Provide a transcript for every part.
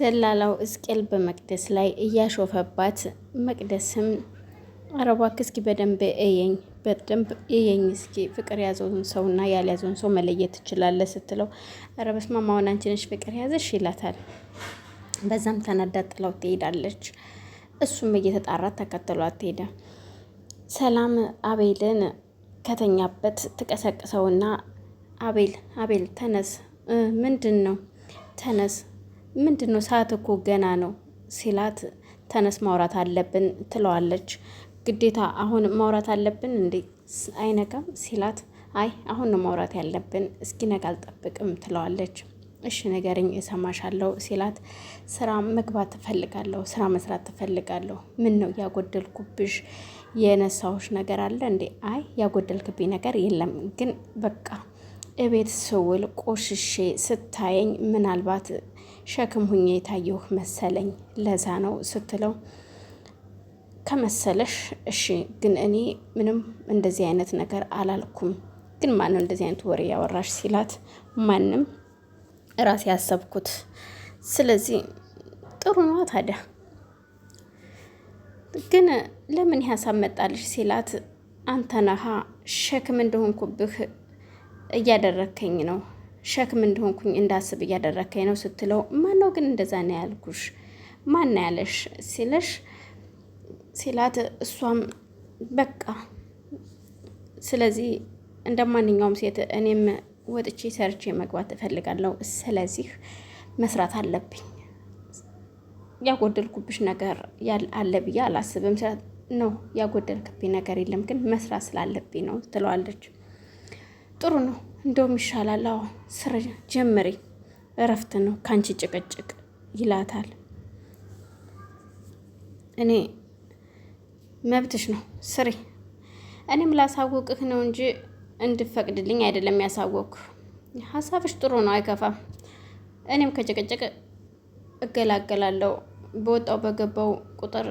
ደላላው እስቄል በመቅደስ ላይ እያሾፈባት መቅደስም አረቧክ እስኪ በደንብ እየኝ በደንብ እየኝ እስኪ ፍቅር ያዘውን ሰውና ያልያዘውን ሰው መለየት ትችላለህ ስትለው ኧረ በስመ አብ አሁን አንቺ ነሽ ፍቅር ያዘሽ ይላታል። በዛም ተናዳ ጥላው ትሄዳለች። እሱም እየተጣራ ተከትሏት ትሄደ። ሰላም አቤልን ከተኛበት ትቀሰቅሰውና አቤል አቤል ተነስ፣ ምንድን ነው ተነስ ምንድን ነው ሰዓት እኮ ገና ነው ሲላት ተነስ ማውራት አለብን ትለዋለች። ግዴታ አሁን ማውራት አለብን እንዴ አይነጋም ሲላት አይ አሁን ነው ማውራት ያለብን እስኪ ነጋ አልጠብቅም ትለዋለች። እሺ ነገርኝ እሰማሻለሁ ሲላት ስራ መግባት ትፈልጋለሁ፣ ስራ መስራት ትፈልጋለሁ። ምን ነው ያጎደልኩብሽ የነሳሁሽ ነገር አለ እንዴ? አይ ያጎደልክብኝ ነገር የለም፣ ግን በቃ እቤት ስውል ቆሽሼ ስታየኝ ምናልባት ሸክም ሁኜ የታየሁ መሰለኝ ለዛ ነው ስትለው ከመሰለሽ እሺ፣ ግን እኔ ምንም እንደዚህ አይነት ነገር አላልኩም። ግን ማነው እንደዚህ አይነት ወሬ ያወራሽ ሲላት ማንም ራሴ ያሰብኩት። ስለዚህ ጥሩ ነዋ ታዲያ ግን ለምን ያሳብ መጣልሽ ሲላት አንተ ነሃ ሸክም እንደሆንኩብህ እያደረግከኝ ነው ሸክም እንደሆንኩኝ እንዳስብ እያደረከኝ ነው ስትለው፣ ማነው ግን እንደዛ ነው ያልኩሽ? ማን ያለሽ ሲለሽ ሲላት፣ እሷም በቃ ስለዚህ እንደ ማንኛውም ሴት እኔም ወጥቼ ሰርቼ መግባት እፈልጋለሁ። ስለዚህ መስራት አለብኝ። ያጎደልኩብሽ ነገር አለ ብዬ አላስብም። ነው ያጎደልክብኝ ነገር የለም፣ ግን መስራት ስላለብኝ ነው ትለዋለች። ጥሩ ነው እንደውም ይሻላል። አዎ ስራ ጀምሪ፣ እረፍት ነው ከአንቺ ጭቅጭቅ ይላታል። እኔ መብትሽ ነው ስሪ፣ እኔም ላሳወቅህ ነው እንጂ እንድፈቅድልኝ አይደለም ያሳወቅኩ። ሀሳብሽ ጥሩ ነው፣ አይከፋም። እኔም ከጭቅጭቅ እገላገላለሁ። በወጣው በገባው ቁጥር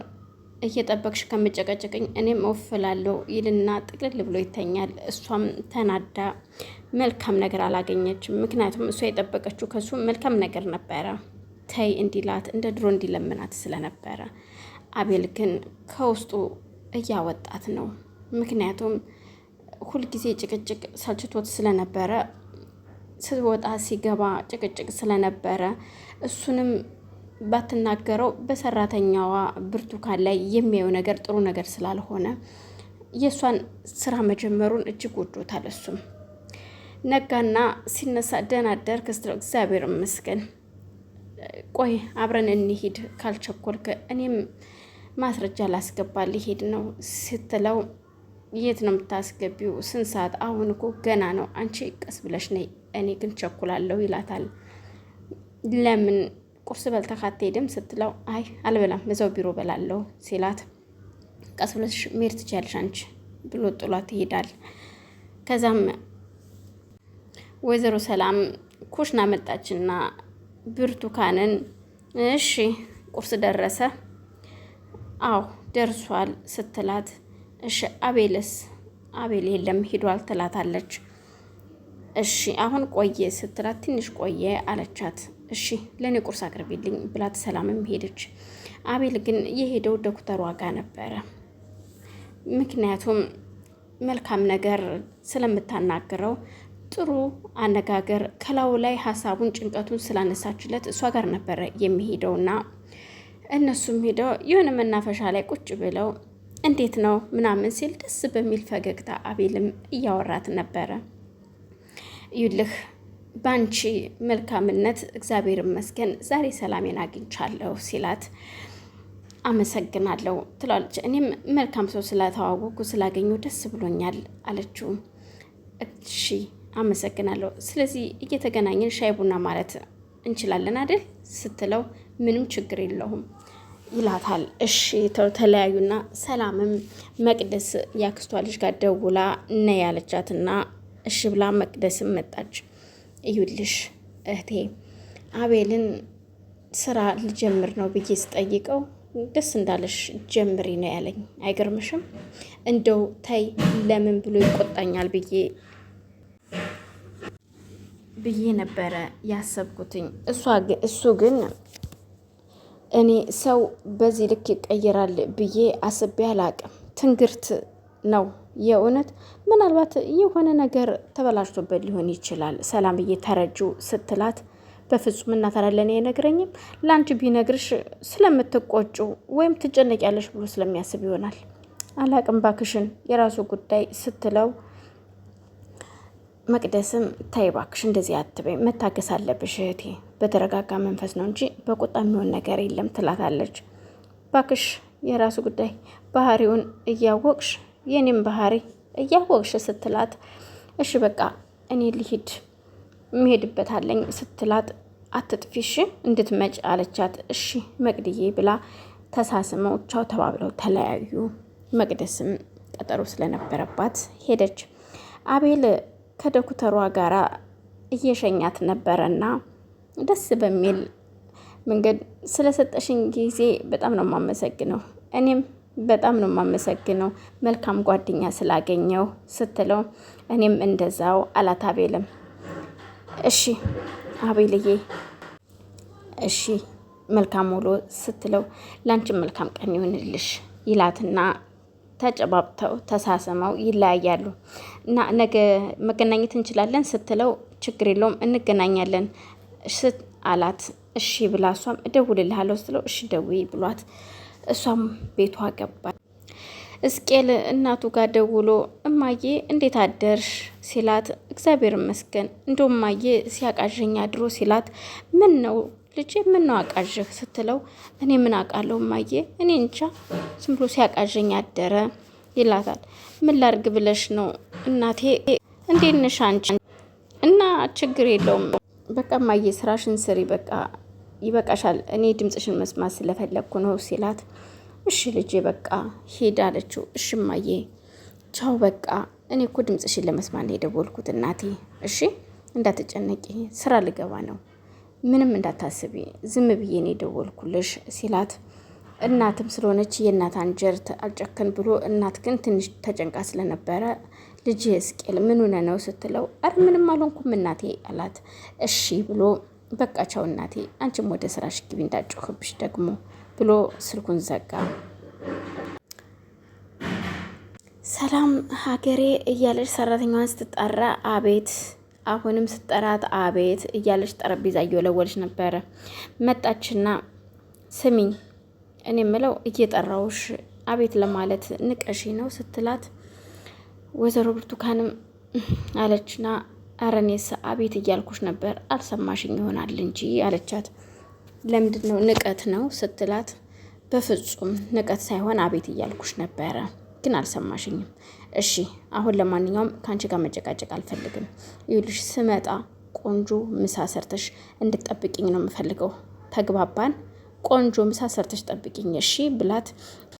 እየጠበቅሽ ከምጨቀጭቅኝ እኔም እወፍላለሁ ይልና ጥቅልል ብሎ ይተኛል። እሷም ተናዳ መልካም ነገር አላገኘችም። ምክንያቱም እሷ የጠበቀችው ከሱ መልካም ነገር ነበረ፣ ተይ እንዲላት እንደ ድሮ እንዲለምናት ስለነበረ። አቤል ግን ከውስጡ እያወጣት ነው። ምክንያቱም ሁልጊዜ ጭቅጭቅ ሰልችቶት ስለነበረ ስወጣ ሲገባ ጭቅጭቅ ስለነበረ እሱንም ባትናገረው በሰራተኛዋ ብርቱካን ላይ የሚያየው ነገር ጥሩ ነገር ስላልሆነ የእሷን ስራ መጀመሩን እጅግ ወዶታል እሱም ነጋና ሲነሳ ደናደር አደርክ እግዚአብሔር ይመስገን፣ ቆይ አብረን እንሂድ ካልቸኮልክ እኔም ማስረጃ ላስገባ ሊሄድ ነው ስትለው የት ነው የምታስገቢው? ስንት ሰዓት? አሁን እኮ ገና ነው። አንቺ ቀስ ብለሽ ነይ፣ እኔ ግን ቸኩላለሁ ይላታል። ለምን ቁርስ በልተህ አትሄድም ስትለው አይ አልበላም፣ በዛው ቢሮ በላለሁ ሲላት ቀስ ብለሽ መሄድ ትችያለሽ አንቺ ብሎ ጥሏት ይሄዳል። ከዛም ወይዘሮ ሰላም ኩሽና መጣችና ብርቱካንን እሺ ቁርስ ደረሰ? አዎ ደርሷል ስትላት፣ እሺ አቤልስ? አቤል የለም ሂዷል ትላታለች። እሺ አሁን ቆየ ስትላት፣ ትንሽ ቆየ አለቻት። እሺ ለእኔ ቁርስ አቅርቢልኝ ብላት ሰላምም ሄደች። አቤል ግን የሄደው ዶክተር ዋጋ ነበረ። ምክንያቱም መልካም ነገር ስለምታናግረው ጥሩ አነጋገር ከላዩ ላይ ሀሳቡን ጭንቀቱን ስላነሳችለት እሷ ጋር ነበረ የሚሄደውና እነሱም ሄደው የሆነ መናፈሻ ላይ ቁጭ ብለው እንዴት ነው ምናምን ሲል ደስ በሚል ፈገግታ አቤልም እያወራት ነበረ። ይልህ ባንቺ መልካምነት እግዚአብሔር ይመስገን ዛሬ ሰላሜን አግኝቻለሁ ሲላት አመሰግናለሁ ትላለች። እኔም መልካም ሰው ስላተዋወቁ ስላገኙ ደስ ብሎኛል አለችው። እሺ አመሰግናለሁ። ስለዚህ እየተገናኘን ሻይ ቡና ማለት እንችላለን አይደል ስትለው ምንም ችግር የለውም ይላታል። እሺ ተለያዩና ሰላምም መቅደስ ያክስቷ ልጅ ጋር ደውላ እነ ያለቻትና እሺ ብላ መቅደስም መጣች። እዩልሽ እህቴ አቤልን ስራ ልጀምር ነው ብዬ ስጠይቀው ደስ እንዳለሽ ጀምሪ ነው ያለኝ። አይገርምሽም? እንደው ተይ ለምን ብሎ ይቆጣኛል ብዬ ብዬ ነበረ ያሰብኩትኝ። እሱ ግን እኔ ሰው በዚህ ልክ ይቀይራል ብዬ አስቤ አላቅም። ትንግርት ነው የእውነት። ምናልባት የሆነ ነገር ተበላሽቶበት ሊሆን ይችላል። ሰላም ብዬ ተረጁ ስትላት በፍጹም እናፈራለን አይነግረኝም፣ ለአንቺ ቢነግርሽ ስለምትቆጩ ወይም ትጨነቂያለሽ ብሎ ስለሚያስብ ይሆናል። አላቅም ባክሽን፣ የራሱ ጉዳይ ስትለው መቅደስም ታይባክሽ እንደዚህ አትበይ፣ መታገስ አለብሽ እህቴ፣ በተረጋጋ መንፈስ ነው እንጂ በቁጣ የሚሆን ነገር የለም ትላታለች። ባክሽ የራሱ ጉዳይ ባህሪውን እያወቅሽ የኔም ባህሪ እያወቅሽ ስትላት፣ እሺ በቃ እኔ ልሂድ የምሄድበት አለኝ ስትላት፣ አትጥፊሽ እንድትመጭ አለቻት። እሺ መቅድዬ ብላ ተሳስመው ቻው ተባብለው ተለያዩ። መቅደስም ቀጠሮ ስለነበረባት ሄደች። አቤል ከዶክተሯ ጋር እየሸኛት ነበረና ደስ በሚል መንገድ ስለሰጠሽኝ ጊዜ በጣም ነው የማመሰግነው። እኔም በጣም ነው የማመሰግነው መልካም ጓደኛ ስላገኘው ስትለው፣ እኔም እንደዛው አላት አቤልም። እሺ አቤልዬ፣ እሺ መልካም ውሎ ስትለው፣ ላንቺም መልካም ቀን ይሆንልሽ ይላትና ተጨባብተው ተሳስመው ይለያያሉ እና ነገ መገናኘት እንችላለን ስትለው ችግር የለውም እንገናኛለን አላት። እሺ ብላ እሷም እደውልልሃለሁ ስትለው እሺ ደውይ ብሏት እሷም ቤቷ ገባች። እስቄል እናቱ ጋር ደውሎ እማዬ እንዴት አደርሽ ሲላት እግዚአብሔር ይመስገን እንደው እማዬ ሲያቃዠኝ አድሮ ሲላት ምን ነው ልጄ ምን አቃዥህ ስትለው እኔ ምን አውቃለሁ እማዬ፣ እኔ እንጃ ዝም ብሎ ሲያቃዥኝ አደረ ይላታል። ምን ላርግ ብለሽ ነው እናቴ? እንዴት ነሽ አንቺ? እና ችግር የለውም በቃ እማዬ ስራሽን ስሪ በቃ ይበቃሻል። እኔ ድምፅሽን መስማት ስለፈለግኩ ነው ሲላት፣ እሺ ልጄ በቃ ሂድ አለችው። እሺ እማዬ ቻው በቃ እኔ እኮ ድምፅሽን ለመስማት ነው የደወልኩት እናቴ። እሺ እንዳትጨነቂ ስራ ልገባ ነው ምንም እንዳታስቢ ዝም ብዬ ነው የደወልኩልሽ ሲላት እናትም ስለሆነች የእናት አንጀር አልጨከን ብሎ እናት ግን ትንሽ ተጨንቃ ስለነበረ ልጅ እስቄል ምን ሆነ ነው ስትለው፣ አር ምንም አልሆንኩም እናቴ አላት። እሺ ብሎ በቃ ቻው እናቴ፣ አንቺም ወደ ስራሽ ግቢ እንዳጮኽብሽ ደግሞ ብሎ ስልኩን ዘጋ። ሰላም ሀገሬ እያለች ሰራተኛዋን ስትጣራ አቤት አሁንም ስጠራት አቤት እያለች ጠረጴዛ እየወለወለች ነበረ። መጣችና ስሚኝ፣ እኔ ምለው እየጠራውሽ አቤት ለማለት ንቀሺ ነው ስትላት ወይዘሮ ብርቱካንም አለችና ኧረ እኔስ አቤት እያልኩሽ ነበር አልሰማሽኝ ይሆናል እንጂ አለቻት። ለምንድን ነው ንቀት ነው ስትላት በፍጹም ንቀት ሳይሆን አቤት እያልኩሽ ነበረ ግን አልሰማሽኝም። እሺ አሁን ለማንኛውም ከአንቺ ጋር መጨቃጨቅ አልፈልግም። ይኸውልሽ ስመጣ ቆንጆ ምሳ ሰርተሽ እንድትጠብቅኝ ነው የምፈልገው። ተግባባን? ቆንጆ ምሳ ሰርተሽ ጠብቅኝ እሺ ብላት